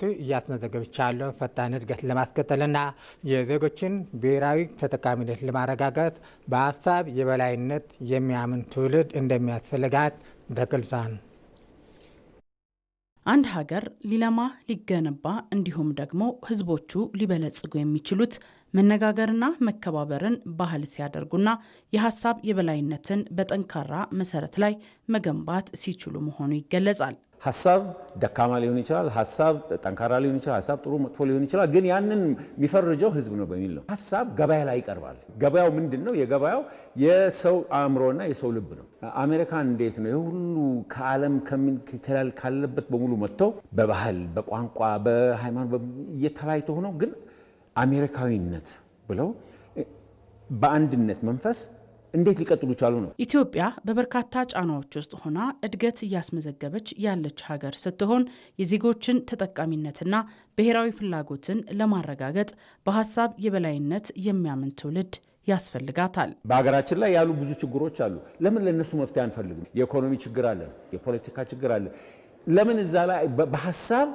እድገት እያስመዘገበች ፈጣን እድገት ለማስቀጠልና የዜጎችን ብሔራዊ ተጠቃሚነት ለማረጋገጥ በሀሳብ የበላይነት የሚያምን ትውልድ እንደሚያስፈልጋት በቅልጿል። አንድ ሀገር ሊለማ ሊገነባ እንዲሁም ደግሞ ህዝቦቹ ሊበለጽጉ የሚችሉት መነጋገርና መከባበርን ባህል ሲያደርጉና የሀሳብ የበላይነትን በጠንካራ መሰረት ላይ መገንባት ሲችሉ መሆኑ ይገለጻል። ሀሳብ ደካማ ሊሆን ይችላል። ሀሳብ ጠንካራ ሊሆን ይችላል። ሀሳብ ጥሩ መጥፎ ሊሆን ይችላል። ግን ያንን የሚፈርጀው ህዝብ ነው በሚል ነው። ሀሳብ ገበያ ላይ ይቀርባል። ገበያው ምንድን ነው? የገበያው የሰው አእምሮና የሰው ልብ ነው። አሜሪካ እንዴት ነው የሁሉ ከዓለም ከሚተላል ካለበት በሙሉ መጥተው በባህል በቋንቋ፣ በሃይማኖት እየተለያይቶ ሆነው ግን አሜሪካዊነት ብለው በአንድነት መንፈስ እንዴት ሊቀጥሉ ቻሉ ነው። ኢትዮጵያ በበርካታ ጫናዎች ውስጥ ሆና እድገት እያስመዘገበች ያለች ሀገር ስትሆን የዜጎችን ተጠቃሚነትና ብሔራዊ ፍላጎትን ለማረጋገጥ በሀሳብ የበላይነት የሚያምን ትውልድ ያስፈልጋታል። በሀገራችን ላይ ያሉ ብዙ ችግሮች አሉ። ለምን ለእነሱ መፍትሄ አንፈልግም? የኢኮኖሚ ችግር አለ፣ የፖለቲካ ችግር አለ። ለምን እዛ ላይ በሀሳብ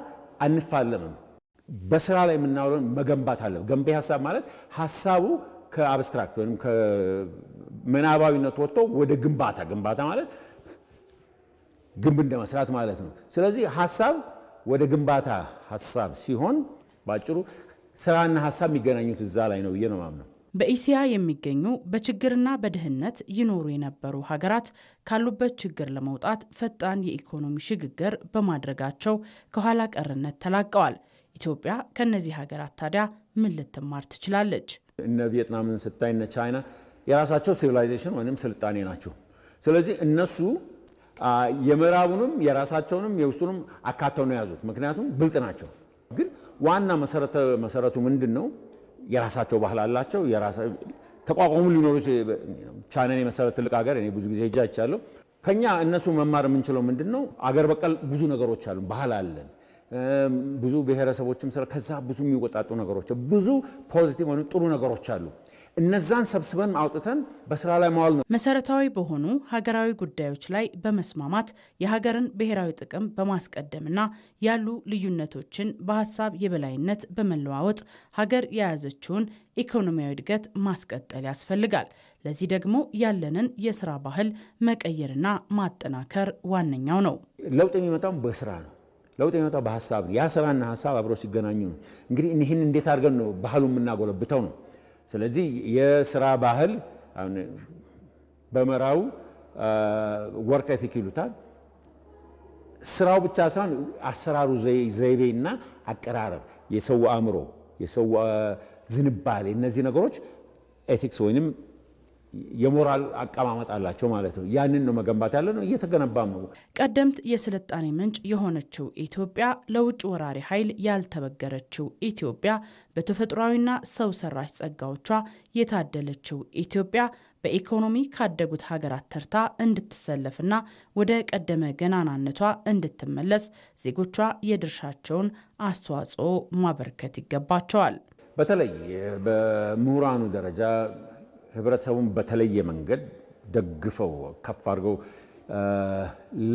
አንፋለምም? በስራ ላይ የምናውለውን መገንባት አለ። ገንቢ ሀሳብ ማለት ሀሳቡ ከአብስትራክት ወይም ምናባዊነት ወጥቶ ወደ ግንባታ ግንባታ ማለት ግንብ እንደ መስራት ማለት ነው። ስለዚህ ሀሳብ ወደ ግንባታ ሀሳብ ሲሆን ባጭሩ ስራና ሀሳብ የሚገናኙት እዛ ላይ ነው ብዬ ነው ማምነው። በኢሲያ የሚገኙ በችግርና በድህነት ይኖሩ የነበሩ ሀገራት ካሉበት ችግር ለመውጣት ፈጣን የኢኮኖሚ ሽግግር በማድረጋቸው ከኋላ ቀርነት ተላቀዋል። ኢትዮጵያ ከእነዚህ ሀገራት ታዲያ ምን ልትማር ትችላለች? እነ ቪየትናምን ስታይ እነ ቻይና የራሳቸው ሲቪላይዜሽን ወይም ስልጣኔ ናቸው። ስለዚህ እነሱ የምዕራቡንም የራሳቸውንም የውስጡንም አካተው ነው የያዙት። ምክንያቱም ብልጥ ናቸው። ግን ዋና መሰረቱ ምንድን ነው? የራሳቸው ባህል አላቸው። ተቋቋሙ ሊኖሩ ቻይናን የመሰረት ትልቅ ሀገር እኔ ብዙ ጊዜ እጃ ይቻለሁ። ከኛ እነሱ መማር የምንችለው ምንድን ነው? አገር በቀል ብዙ ነገሮች አሉ። ባህል አለን ብዙ ብሔረሰቦችም ስለ ከዛ ብዙ የሚወጣጡ ነገሮች ብዙ ፖዚቲቭ ወይም ጥሩ ነገሮች አሉ። እነዛን ሰብስበን አውጥተን በስራ ላይ መዋል ነው። መሰረታዊ በሆኑ ሀገራዊ ጉዳዮች ላይ በመስማማት የሀገርን ብሔራዊ ጥቅም በማስቀደምና ያሉ ልዩነቶችን በሀሳብ የበላይነት በመለዋወጥ ሀገር የያዘችውን ኢኮኖሚያዊ እድገት ማስቀጠል ያስፈልጋል። ለዚህ ደግሞ ያለንን የስራ ባህል መቀየርና ማጠናከር ዋነኛው ነው። ለውጥ የሚመጣው በስራ ነው። ለውጥ የሚመጣው በሀሳብ ያ ስራና ሀሳብ አብረው ሲገናኙ ነው። እንግዲህ ይህን እንዴት አድርገን ነው ባህሉ የምናጎለብተው ነው ስለዚህ የስራ ባህል በመራው ወርክ ኤቲክ ይሉታል። ስራው ብቻ ሳይሆን አሰራሩ ዘይቤና አቀራረብ፣ የሰው አእምሮ፣ የሰው ዝንባሌ እነዚህ ነገሮች ኤቲክስ ወይንም የሞራል አቀማመጥ አላቸው ማለት ነው። ያንን ነው መገንባት ያለ ነው፣ እየተገነባም ነው። ቀደምት የስልጣኔ ምንጭ የሆነችው ኢትዮጵያ ለውጭ ወራሪ ኃይል ያልተበገረችው ኢትዮጵያ፣ በተፈጥሯዊና ሰው ሰራሽ ጸጋዎቿ የታደለችው ኢትዮጵያ በኢኮኖሚ ካደጉት ሀገራት ተርታ እንድትሰለፍና ወደ ቀደመ ገናናነቷ እንድትመለስ ዜጎቿ የድርሻቸውን አስተዋጽኦ ማበርከት ይገባቸዋል። በተለይ በምሁራኑ ደረጃ ህብረተሰቡን በተለየ መንገድ ደግፈው ከፍ አድርገው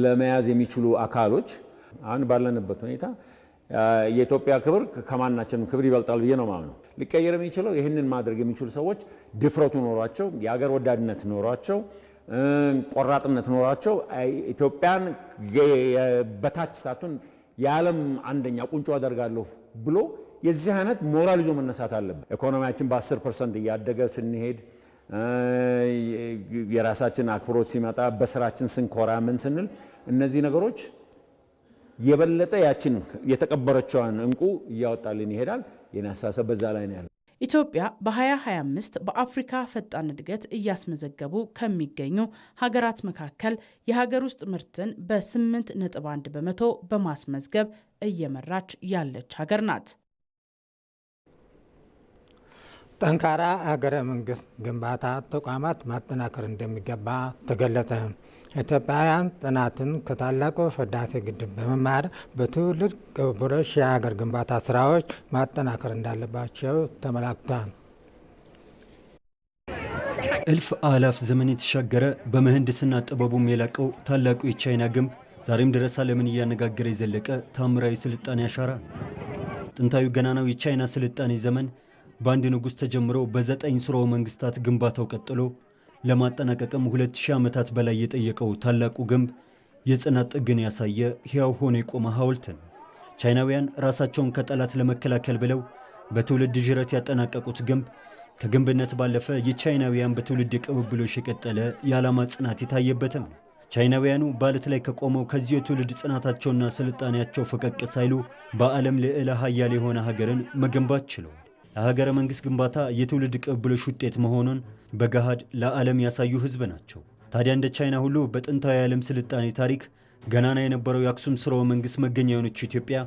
ለመያዝ የሚችሉ አካሎች አሁን ባለንበት ሁኔታ የኢትዮጵያ ክብር ከማናችንም ክብር ይበልጣል ብዬ ነው ማምነው። ሊቀየር የሚችለው ይህንን ማድረግ የሚችሉ ሰዎች ድፍረቱ ኖሯቸው፣ የአገር ወዳድነት ኖሯቸው፣ ቆራጥነት ኖሯቸው ኢትዮጵያን በታች ሳቱን የዓለም አንደኛ ቁንጮ አደርጋለሁ ብሎ የዚህ አይነት ሞራል ይዞ መነሳት አለበት። ኢኮኖሚያችን በ10 ፐርሰንት እያደገ ስንሄድ የራሳችን አክብሮት ሲመጣ በስራችን ስንኮራ ምን ስንል እነዚህ ነገሮች የበለጠ ያችን የተቀበረችዋን እንቁ እያወጣልን ይሄዳል። የኔ በዛ ላይ ነው ያለ ኢትዮጵያ በ2025 በአፍሪካ ፈጣን እድገት እያስመዘገቡ ከሚገኙ ሀገራት መካከል የሀገር ውስጥ ምርትን በ8 በመቶ በማስመዝገብ እየመራች ያለች ሀገር ናት። ጠንካራ ሀገረ መንግስት ግንባታ ተቋማት ማጠናከር እንደሚገባ ተገለጠ ኢትዮጵያውያን ጥናትን ከታላቁ ህዳሴ ግድብ በመማር በትውልድ ቅቡሮች የሀገር ግንባታ ስራዎች ማጠናከር እንዳለባቸው ተመላክቷል። እልፍ አላፍ ዘመን የተሻገረ በምህንድስና ጥበቡም የላቀው ታላቁ የቻይና ግንብ ዛሬም ድረስ ዓለምን እያነጋገረ የዘለቀ ታምራዊ ስልጣኔ አሻራ ነው። ጥንታዊ ገናናው የቻይና ስልጣኔ ዘመን በአንድ ንጉሥ ተጀምሮ በዘጠኝ ስርወ መንግስታት ግንባታው ቀጥሎ ለማጠናቀቅም ሁለት ሺህ ዓመታት በላይ የጠየቀው ታላቁ ግንብ የጽናት ጥግን ያሳየ ሕያው ሆኖ የቆመ ሐውልት ነው። ቻይናውያን ራሳቸውን ከጠላት ለመከላከል ብለው በትውልድ ጅረት ያጠናቀቁት ግንብ ከግንብነት ባለፈ የቻይናውያን በትውልድ የቅብብሎሽ የቀጠለ የዓላማ ጽናት የታየበትም ነው። ቻይናውያኑ በዓለት ላይ ከቆመው ከዚህ የትውልድ ጽናታቸውና ስልጣኔያቸው ፈቀቅ ሳይሉ በዓለም ልዕለ ሀያል የሆነ ሀገርን መገንባት ችለው ለሀገረ መንግሥት ግንባታ የትውልድ ቅብብሎሽ ውጤት መሆኑን በገሃድ ለዓለም ያሳዩ ሕዝብ ናቸው። ታዲያ እንደ ቻይና ሁሉ በጥንታዊ የዓለም ስልጣኔ ታሪክ ገናና የነበረው የአክሱም ስርወ መንግሥት መገኛ የሆነችው ኢትዮጵያ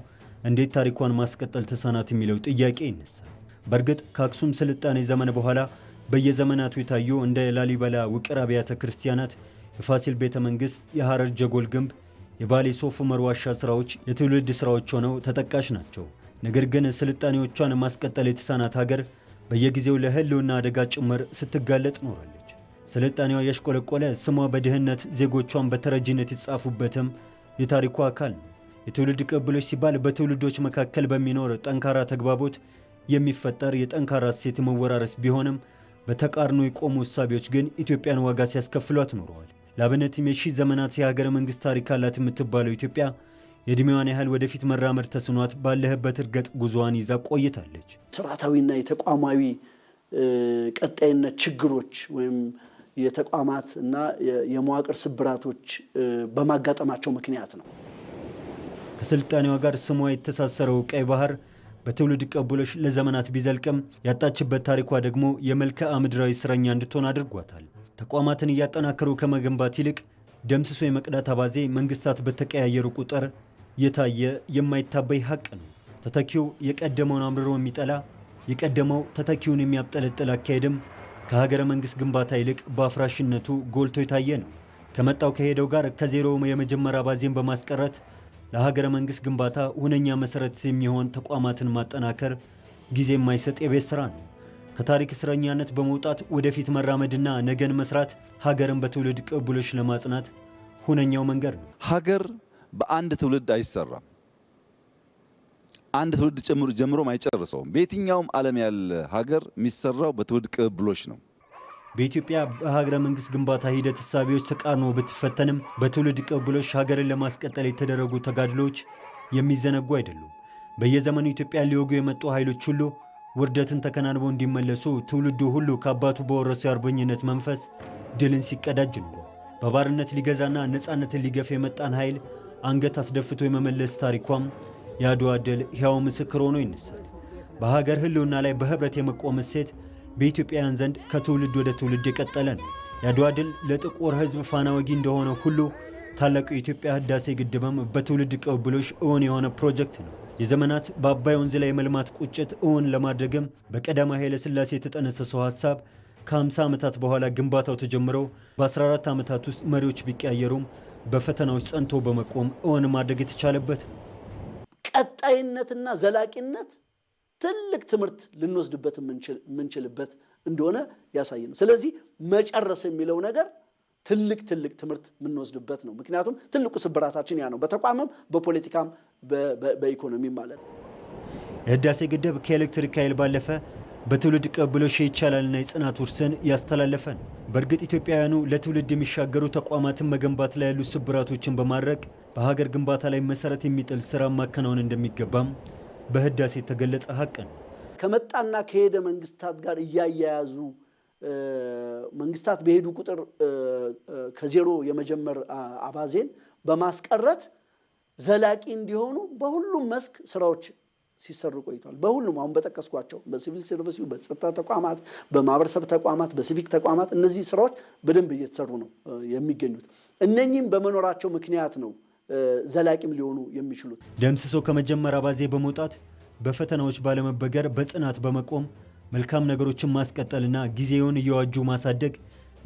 እንዴት ታሪኳን ማስቀጠል ተሳናት የሚለው ጥያቄ ይነሳል። በእርግጥ ከአክሱም ስልጣኔ ዘመን በኋላ በየዘመናቱ የታዩ እንደ ላሊበላ ውቅር አብያተ ክርስቲያናት፣ የፋሲል ቤተ መንግሥት፣ የሐረር ጀጎል ግንብ፣ የባሌ ሶፍ ዑመር ዋሻ ሥራዎች የትውልድ ሥራዎች ሆነው ተጠቃሽ ናቸው። ነገር ግን ስልጣኔዎቿን ማስቀጠል የተሳናት ሀገር በየጊዜው ለህልውና አደጋ ጭምር ስትጋለጥ ኖራለች። ስልጣኔዋ ያሽቆለቆለ ስሟ በድህነት ዜጎቿን በተረጂነት የተጻፉበትም የታሪኩ አካል ነው። የትውልድ ቅብብሎች ሲባል በትውልዶች መካከል በሚኖር ጠንካራ ተግባቦት የሚፈጠር የጠንካራ እሴት መወራረስ ቢሆንም በተቃርኖ የቆሙ እሳቤዎች ግን ኢትዮጵያን ዋጋ ሲያስከፍሏት ኖረዋል። ለአብነትም የሺህ ዘመናት የሀገረ መንግሥት ታሪክ አላት የምትባለው ኢትዮጵያ የእድሜዋን ያህል ወደፊት መራመድ ተስኗት ባለህበት እርገጥ ጉዞዋን ይዛ ቆይታለች። ስርዓታዊና የተቋማዊ ቀጣይነት ችግሮች ወይም የተቋማት እና የመዋቅር ስብራቶች በማጋጠማቸው ምክንያት ነው። ከስልጣኔዋ ጋር ስሟ የተሳሰረው ቀይ ባህር በትውልድ ቀብሎች ለዘመናት ቢዘልቅም ያጣችበት ታሪኳ ደግሞ የመልክዓ ምድራዊ እስረኛ እንድትሆን አድርጓታል። ተቋማትን እያጠናከሩ ከመገንባት ይልቅ ደምስሶ የመቅዳት አባዜ መንግስታት በተቀያየሩ ቁጥር የታየ የማይታበይ ሀቅ ነው። ተተኪው የቀደመውን አምርሮ የሚጠላ የቀደመው ተተኪውን የሚያብጠለጥል አካሄድም ከሀገረ መንግሥት ግንባታ ይልቅ በአፍራሽነቱ ጎልቶ የታየ ነው። ከመጣው ከሄደው ጋር ከዜሮ የመጀመሪያ ባዜን በማስቀረት ለሀገረ መንግሥት ግንባታ ሁነኛ መሰረት የሚሆን ተቋማትን ማጠናከር ጊዜ የማይሰጥ የቤት ስራ ነው። ከታሪክ እስረኛነት በመውጣት ወደፊት መራመድና ነገን መስራት ሀገርን በትውልድ ቅቡሎች ለማጽናት ሁነኛው መንገድ ነው። ሀገር በአንድ ትውልድ አይሰራም። አንድ ትውልድ ጀምሮም አይጨርሰውም። በየትኛውም ዓለም ያለ ሀገር የሚሰራው በትውልድ ቅብብሎች ነው። በኢትዮጵያ በሀገረ መንግስት ግንባታ ሂደት እሳቤዎች ተቃርኖ ብትፈተንም በትውልድ ቅብብሎች ሀገርን ለማስቀጠል የተደረጉ ተጋድሎች የሚዘነጉ አይደሉም። በየዘመኑ ኢትዮጵያ ሊወጉ የመጡ ኃይሎች ሁሉ ውርደትን ተከናንበው እንዲመለሱ ትውልዱ ሁሉ ከአባቱ በወረሰው የአርበኝነት መንፈስ ድልን ሲቀዳጅ ኑሮ በባርነት ሊገዛና ነፃነትን ሊገፍ የመጣን ኃይል አንገት አስደፍቶ የመመለስ ታሪኳም የአድዋ ድል ሕያው ምስክር ሆኖ ይነሳል። በሀገር ህልውና ላይ በህብረት የመቆም እሴት በኢትዮጵያውያን ዘንድ ከትውልድ ወደ ትውልድ የቀጠለ ነው። የአድዋ ድል ለጥቁር ሕዝብ ፋና ወጊ እንደሆነ ሁሉ ታላቁ የኢትዮጵያ ህዳሴ ግድብም በትውልድ ቅብብሎሽ እውን የሆነ ፕሮጀክት ነው። የዘመናት በአባይ ወንዝ ላይ የመልማት ቁጭት እውን ለማድረግም በቀዳማዊ ኃይለ ሥላሴ የተጠነሰሰው ሀሳብ ከ50 ዓመታት በኋላ ግንባታው ተጀምሮ በ14 ዓመታት ውስጥ መሪዎች ቢቀያየሩም በፈተናዎች ጸንቶ በመቆም እውን ማድረግ የተቻለበት ቀጣይነትና ዘላቂነት ትልቅ ትምህርት ልንወስድበት የምንችልበት እንደሆነ ያሳይ ነው። ስለዚህ መጨረስ የሚለው ነገር ትልቅ ትልቅ ትምህርት የምንወስድበት ነው። ምክንያቱም ትልቁ ስብራታችን ያ ነው፣ በተቋምም በፖለቲካም በኢኮኖሚም ማለት ነው። የህዳሴ ግድብ ከኤሌክትሪክ ኃይል ባለፈ በትውልድ ቀብሎ ሼህ ይቻላልና የጽናት ውርስን ያስተላለፈን። በእርግጥ ኢትዮጵያውያኑ ለትውልድ የሚሻገሩ ተቋማትን መገንባት ላይ ያሉ ስብራቶችን በማድረግ በሀገር ግንባታ ላይ መሰረት የሚጥል ስራ ማከናወን እንደሚገባም በህዳሴ የተገለጸ ሀቅን ከመጣና ከሄደ መንግስታት ጋር እያያያዙ መንግስታት በሄዱ ቁጥር ከዜሮ የመጀመር አባዜን በማስቀረት ዘላቂ እንዲሆኑ በሁሉም መስክ ስራዎች ሲሰሩ ቆይቷል። በሁሉም አሁን በጠቀስኳቸው በሲቪል ሰርቪስ፣ በጸጥታ ተቋማት፣ በማህበረሰብ ተቋማት፣ በሲቪክ ተቋማት እነዚህ ስራዎች በደንብ እየተሰሩ ነው የሚገኙት። እነኚህም በመኖራቸው ምክንያት ነው ዘላቂም ሊሆኑ የሚችሉት። ደምስሶ ከመጀመሪያ ባዜ በመውጣት በፈተናዎች ባለመበገር በጽናት በመቆም መልካም ነገሮችን ማስቀጠልና ጊዜውን እየዋጁ ማሳደግ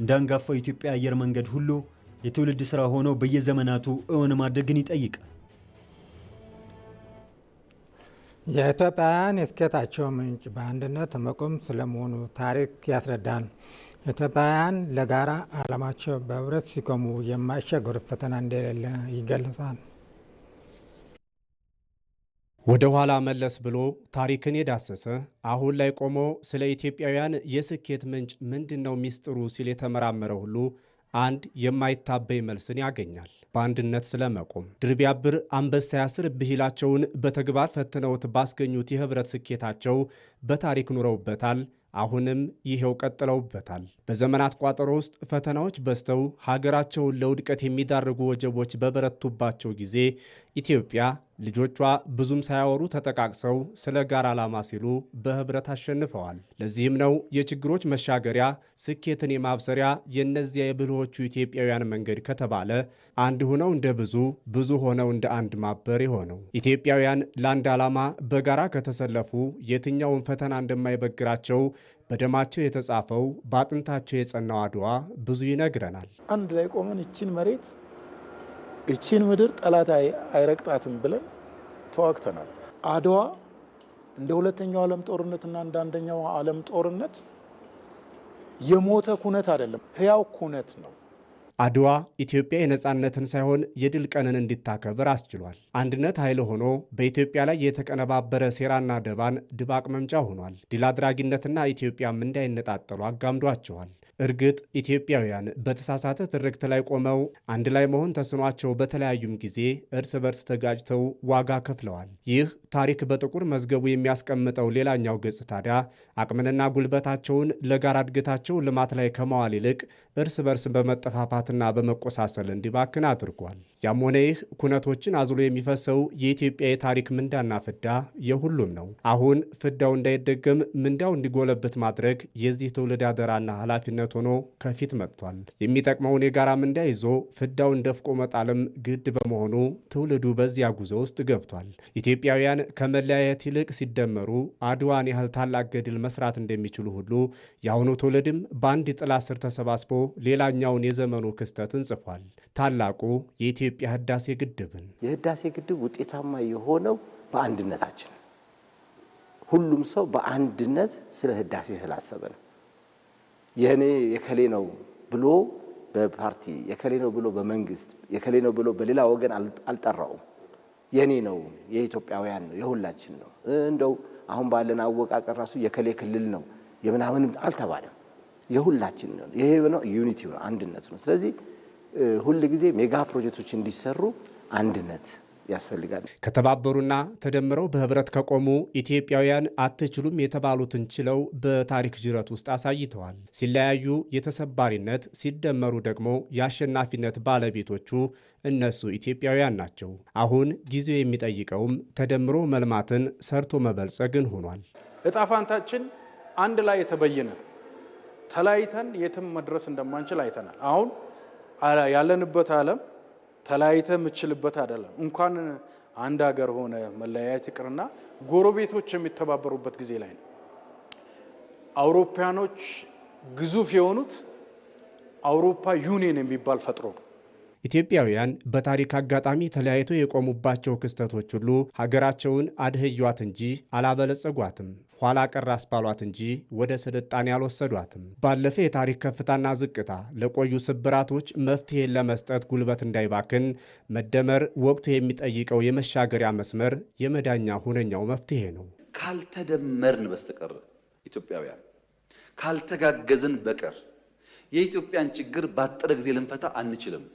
እንደ አንጋፋው የኢትዮጵያ አየር መንገድ ሁሉ የትውልድ ስራ ሆኖ በየዘመናቱ እውን ማድረግን ይጠይቃል። የኢትዮጵያውያን የስኬታቸው ምንጭ በአንድነት መቆም ስለመሆኑ ታሪክ ያስረዳል። ኢትዮጵያውያን ለጋራ ዓላማቸው በህብረት ሲቆሙ የማይሻገሩት ፈተና እንደሌለ ይገለጻል። ወደ ኋላ መለስ ብሎ ታሪክን የዳሰሰ አሁን ላይ ቆሞ ስለ ኢትዮጵያውያን የስኬት ምንጭ ምንድን ነው ሚስጥሩ ሲል የተመራመረ ሁሉ አንድ የማይታበይ መልስን ያገኛል። በአንድነት ስለመቆም ድርቢያብር አንበሳ ያስር ብሂላቸውን በተግባር ፈትነውት ባስገኙት የህብረት ስኬታቸው በታሪክ ኑረውበታል። አሁንም ይሄው ቀጥለውበታል። በዘመናት ቋጠሮ ውስጥ ፈተናዎች በዝተው ሀገራቸውን ለውድቀት የሚዳርጉ ወጀቦች በበረቱባቸው ጊዜ ኢትዮጵያ ልጆቿ ብዙም ሳያወሩ ተጠቃቅሰው ስለ ጋራ ዓላማ ሲሉ በህብረት አሸንፈዋል። ለዚህም ነው የችግሮች መሻገሪያ ስኬትን የማብሰሪያ የእነዚያ የብልሆቹ ኢትዮጵያውያን መንገድ ከተባለ አንድ ሆነው እንደ ብዙ ብዙ ሆነው እንደ አንድ ማበር የሆነው። ኢትዮጵያውያን ለአንድ ዓላማ በጋራ ከተሰለፉ የትኛውን ፈተና እንደማይበግራቸው በደማቸው የተጻፈው በአጥንታቸው የጸናው አድዋ ብዙ ይነግረናል። አንድ ላይ ቆመን ይችን መሬት እቺን ምድር ጠላት አይረግጣትም ብለን ተዋግተናል። አድዋ እንደ ሁለተኛው ዓለም ጦርነትና እንደ አንደኛው ዓለም ጦርነት የሞተ ኩነት አይደለም፣ ህያው ኩነት ነው። አድዋ ኢትዮጵያ የነፃነትን ሳይሆን የድል ቀንን እንድታከብር አስችሏል። አንድነት ኃይል ሆኖ በኢትዮጵያ ላይ የተቀነባበረ ሴራና ደባን ድባቅ መምጫ ሆኗል። ድል አድራጊነትና ኢትዮጵያም እንዳይነጣጠሉ አጋምዷቸዋል። እርግጥ ኢትዮጵያውያን በተሳሳተ ትርክት ላይ ቆመው አንድ ላይ መሆን ተስኗቸው በተለያዩም ጊዜ እርስ በርስ ተጋጭተው ዋጋ ከፍለዋል። ይህ ታሪክ በጥቁር መዝገቡ የሚያስቀምጠው ሌላኛው ገጽ ታዲያ አቅምንና ጉልበታቸውን ለጋራ እድገታቸው ልማት ላይ ከመዋል ይልቅ እርስ በርስ በመጠፋፋትና በመቆሳሰል እንዲባክን አድርጓል። ያም ሆነ ይህ ኩነቶችን አዝሎ የሚፈሰው የኢትዮጵያ የታሪክ ምንዳና ፍዳ የሁሉም ነው። አሁን ፍዳው እንዳይደገም ምንዳው እንዲጎለበት ማድረግ የዚህ ትውልድ አደራና ኃላፊነት ሆኖ ከፊት መጥቷል። የሚጠቅመውን የጋራ ምንዳ ይዞ ፍዳውን ደፍቆ መጣልም ግድ በመሆኑ ትውልዱ በዚያ ጉዞ ውስጥ ገብቷል። ኢትዮጵያውያን ከመለያየት ይልቅ ሲደመሩ አድዋን ያህል ታላቅ ገድል መስራት እንደሚችሉ ሁሉ የአሁኑ ትውልድም በአንድ ጥላ ስር ተሰባስቦ ሌላኛውን የዘመኑ ክስተትን እንጽፏል። ታላቁ የኢትዮ የኢትዮጵያ ህዳሴ ግድብን የህዳሴ ግድብ ውጤታማ የሆነው በአንድነታችን ሁሉም ሰው በአንድነት ስለ ህዳሴ ስላሰበ ነው። የእኔ የከሌ ነው ብሎ በፓርቲ የከሌ ነው ብሎ በመንግስት የከሌ ነው ብሎ በሌላ ወገን አልጠራውም። የእኔ ነው፣ የኢትዮጵያውያን ነው፣ የሁላችን ነው። እንደው አሁን ባለን አወቃቀር ራሱ የከሌ ክልል ነው የምናምንም አልተባለም። የሁላችን ነው። ይሄ ነው ዩኒቲ ነው፣ አንድነት ነው። ስለዚህ ሁል ጊዜ ሜጋ ፕሮጀክቶች እንዲሰሩ አንድነት ያስፈልጋል። ከተባበሩና ተደምረው በህብረት ከቆሙ ኢትዮጵያውያን አትችሉም የተባሉትን ችለው በታሪክ ጅረት ውስጥ አሳይተዋል። ሲለያዩ የተሰባሪነት፣ ሲደመሩ ደግሞ የአሸናፊነት ባለቤቶቹ እነሱ ኢትዮጵያውያን ናቸው። አሁን ጊዜው የሚጠይቀውም ተደምሮ መልማትን ሰርቶ መበልጸግን ሆኗል። እጣፋንታችን አንድ ላይ የተበየነ ተለያይተን የትም መድረስ እንደማንችል አይተናል። አሁን ያለንበት ዓለም ተለያይተ የምችልበት አይደለም። እንኳን አንድ ሀገር ሆነ መለያየት ይቅርና ጎረቤቶች የሚተባበሩበት ጊዜ ላይ ነው። አውሮፓያኖች ግዙፍ የሆኑት አውሮፓ ዩኒየን የሚባል ፈጥሮ ነው። ኢትዮጵያውያን በታሪክ አጋጣሚ ተለያይተው የቆሙባቸው ክስተቶች ሁሉ ሀገራቸውን አድህያት እንጂ አላበለጸጓትም፣ ኋላ ቀር አስባሏት እንጂ ወደ ስልጣኔ አልወሰዷትም። ባለፈ የታሪክ ከፍታና ዝቅታ ለቆዩ ስብራቶች መፍትሄን ለመስጠት ጉልበት እንዳይባክን መደመር ወቅቱ የሚጠይቀው የመሻገሪያ መስመር የመዳኛ ሁነኛው መፍትሄ ነው። ካልተደመርን በስተቀር ኢትዮጵያውያን ካልተጋገዝን በቀር የኢትዮጵያን ችግር ባጠረ ጊዜ ልንፈታ አንችልም።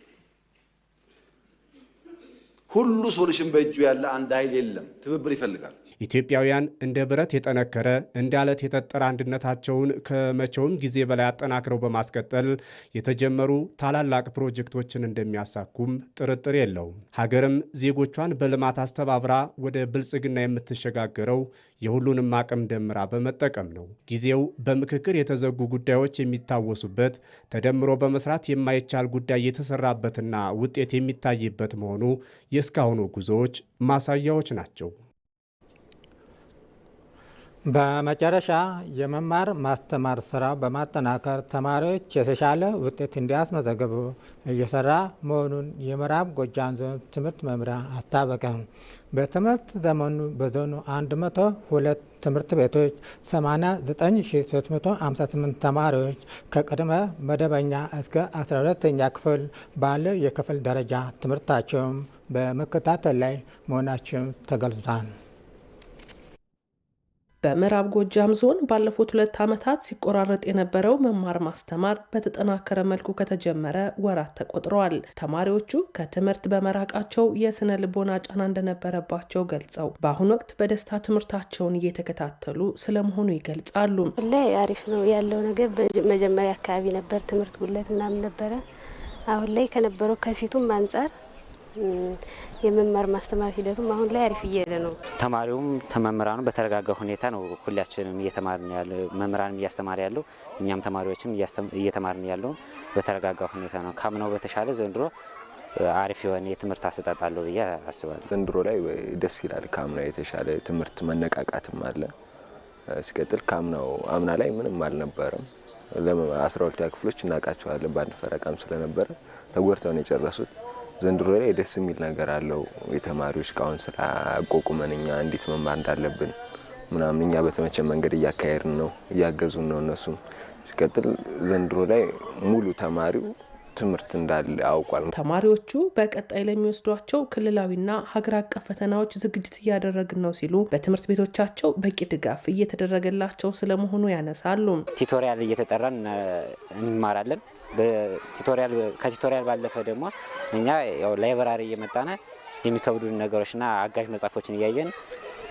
ሁሉ ሶሉሽን በእጁ ያለ አንድ ኃይል የለም። ትብብር ይፈልጋል። ኢትዮጵያውያን እንደ ብረት የጠነከረ እንደ አለት የጠጠረ አንድነታቸውን ከመቼውም ጊዜ በላይ አጠናክረው በማስቀጠል የተጀመሩ ታላላቅ ፕሮጀክቶችን እንደሚያሳኩም ጥርጥር የለውም። ሀገርም ዜጎቿን በልማት አስተባብራ ወደ ብልጽግና የምትሸጋገረው የሁሉንም አቅም ደምራ በመጠቀም ነው። ጊዜው በምክክር የተዘጉ ጉዳዮች የሚታወሱበት ተደምሮ በመስራት የማይቻል ጉዳይ የተሰራበትና ውጤት የሚታይበት መሆኑ የእስካሁኑ ጉዞዎች ማሳያዎች ናቸው። በመጨረሻ የመማር ማስተማር ስራ በማጠናከር ተማሪዎች የተሻለ ውጤት እንዲያስመዘግቡ እየሰራ መሆኑን የምዕራብ ጎጃም ዞን ትምህርት መምሪያ አስታወቀ። በትምህርት ዘመኑ በዞኑ 102 ትምህርት ቤቶች 89358 ተማሪዎች ከቅድመ መደበኛ እስከ 12ተኛ ክፍል ባለው የክፍል ደረጃ ትምህርታቸውም በመከታተል ላይ መሆናቸው ተገልጿል። በምዕራብ ጎጃም ዞን ባለፉት ሁለት ዓመታት ሲቆራረጥ የነበረው መማር ማስተማር በተጠናከረ መልኩ ከተጀመረ ወራት ተቆጥረዋል። ተማሪዎቹ ከትምህርት በመራቃቸው የስነ ልቦና ጫና እንደነበረባቸው ገልጸው በአሁኑ ወቅት በደስታ ትምህርታቸውን እየተከታተሉ ስለመሆኑ ይገልጻሉ። ላይ አሪፍ ነው ያለው ነገር። መጀመሪያ አካባቢ ነበር ትምህርት ጉለት ምናምን ነበረ። አሁን ላይ ከነበረው ከፊቱም አንጻር የመማር ማስተማር ሂደቱም አሁን ላይ አሪፍ እየሄደ ነው። ተማሪውም መምህራኑ በተረጋጋ ሁኔታ ነው ሁላችንም እየተማርን ያለው መምህራንም እያስተማር ያለው እኛም ተማሪዎችም እየተማርን ያለው በተረጋጋ ሁኔታ ነው። ካምናው በተሻለ ዘንድሮ አሪፍ የሆነ የትምህርት አሰጣጥ አለው ብዬ አስባለሁ። ዘንድሮ ላይ ደስ ይላል። ካምናው የተሻለ ትምህርት መነቃቃትም አለ። ሲቀጥል ካምናው አምና ላይ ምንም አልነበረም። ለአስራ ሁለተኛ ክፍሎች እናውቃቸዋለን በአንድ ፈረቃም ስለነበረ ነው የጨረሱት ዘንድሮ ላይ ደስ የሚል ነገር አለው። የተማሪዎች እቃውን ስላቋቁመን እኛ እንዴት መማር እንዳለብን ምናምን እኛ በተመቸ መንገድ እያካሄድን ነው፣ እያገዙን ነው እነሱም። ሲቀጥል ዘንድሮ ላይ ሙሉ ተማሪው ትምህርት እንዳለ አውቋል። ተማሪዎቹ በቀጣይ ለሚወስዷቸው ክልላዊና ሀገር አቀፍ ፈተናዎች ዝግጅት እያደረግን ነው ሲሉ በትምህርት ቤቶቻቸው በቂ ድጋፍ እየተደረገላቸው ስለመሆኑ ያነሳሉ። ቲቶሪያል እየተጠራን እንማራለን። ከቲቶሪያል ባለፈ ደግሞ እኛ ላይብራሪ እየመጣነ የሚከብዱን ነገሮችና አጋዥ መጽሐፎችን እያየን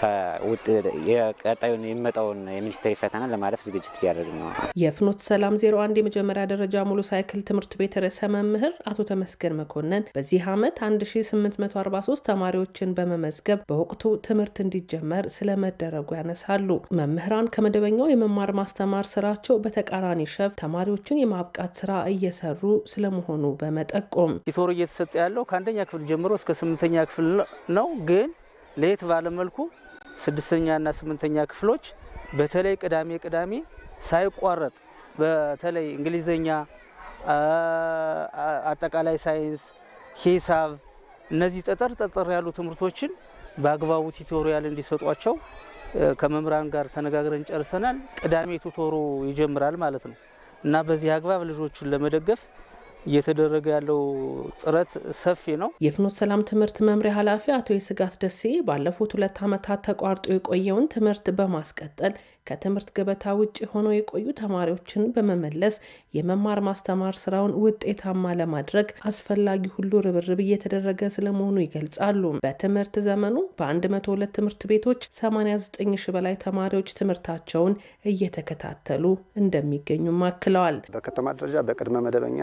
ቀጣዩን የሚመጣውን የሚኒስቴር ፈተና ለማለፍ ዝግጅት እያደረግን ነው። የፍኖት ሰላም ዜሮ አንድ የመጀመሪያ ደረጃ ሙሉ ሳይክል ትምህርት ቤት ርዕሰ መምህር አቶ ተመስገን መኮንን በዚህ ዓመት 1843 ተማሪዎችን በመመዝገብ በወቅቱ ትምህርት እንዲጀመር ስለመደረጉ ያነሳሉ። መምህራን ከመደበኛው የመማር ማስተማር ስራቸው በተቃራኒ ሸፍት ተማሪዎችን የማብቃት ስራ እየሰሩ ስለመሆኑ በመጠቆም ቲቶር እየተሰጠ ያለው ከአንደኛ ክፍል ጀምሮ እስከ ስምንተኛ ክፍል ነው ግን ለየት ባለመልኩ ስድስተኛና ስምንተኛ ክፍሎች በተለይ ቅዳሜ ቅዳሜ ሳይቋረጥ በተለይ እንግሊዘኛ፣ አጠቃላይ ሳይንስ፣ ሂሳብ እነዚህ ጠጠር ጠጠር ያሉ ትምህርቶችን በአግባቡ ቱቶሪያል እንዲሰጧቸው ከመምህራን ጋር ተነጋግረን ጨርሰናል። ቅዳሜ ቱቶሮ ይጀምራል ማለት ነው እና በዚህ አግባብ ልጆቹን ለመደገፍ እየተደረገ ያለው ጥረት ሰፊ ነው። የፍኖት ሰላም ትምህርት መምሪያ ኃላፊ አቶ የስጋት ደሴ ባለፉት ሁለት ዓመታት ተቋርጦ የቆየውን ትምህርት በማስቀጠል ከትምህርት ገበታ ውጭ ሆነው የቆዩ ተማሪዎችን በመመለስ የመማር ማስተማር ስራውን ውጤታማ ለማድረግ አስፈላጊ ሁሉ ርብርብ እየተደረገ ስለመሆኑ ይገልጻሉ። በትምህርት ዘመኑ በ102 ትምህርት ቤቶች 89 ሺ በላይ ተማሪዎች ትምህርታቸውን እየተከታተሉ እንደሚገኙም አክለዋል። በከተማ ደረጃ በቅድመ መደበኛ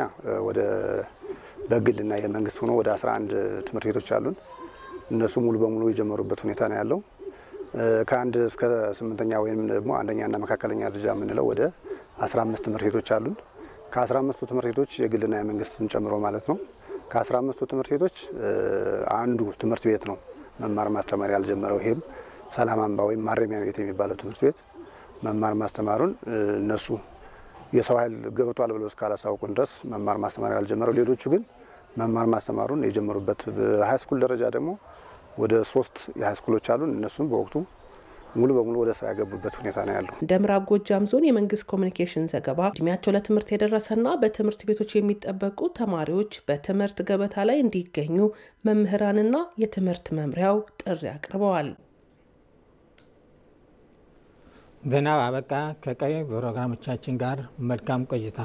ወደ በግልና የመንግስት ሆኖ ወደ 11 ትምህርት ቤቶች አሉን። እነሱ ሙሉ በሙሉ የጀመሩበት ሁኔታ ነው ያለው። ከአንድ እስከ ስምንተኛ ወይም ደግሞ አንደኛና መካከለኛ ደረጃ የምንለው ወደ 15 ትምህርት ቤቶች አሉን። ከ15ቱ ትምህርት ቤቶች የግልና የመንግስትን ጨምሮ ማለት ነው። ከ15ቱ ትምህርት ቤቶች አንዱ ትምህርት ቤት ነው መማር ማስተማር ያልጀመረው። ይሄም ሰላም አምባ ወይም ማረሚያ ቤት የሚባለው ትምህርት ቤት መማር ማስተማሩን እነሱ የሰው ኃይል ገብቷል ብለው እስካላሳውቁን ድረስ መማር ማስተማር ያልጀመረው፣ ሌሎቹ ግን መማር ማስተማሩን የጀመሩበት በሃይስኩል ደረጃ ደግሞ ወደ ሶስት የሃይስኩሎች አሉን። እነሱም በወቅቱ ሙሉ በሙሉ ወደ ስራ የገቡበት ሁኔታ ነው ያለው። እንደ ምዕራብ ጎጃም ዞን የመንግስት ኮሚኒኬሽን ዘገባ እድሜያቸው ለትምህርት የደረሰና በትምህርት ቤቶች የሚጠበቁ ተማሪዎች በትምህርት ገበታ ላይ እንዲገኙ መምህራንና የትምህርት መምሪያው ጥሪ አቅርበዋል። ዜናው አበቃ። ከቀሪ ፕሮግራሞቻችን ጋር መልካም ቆይታ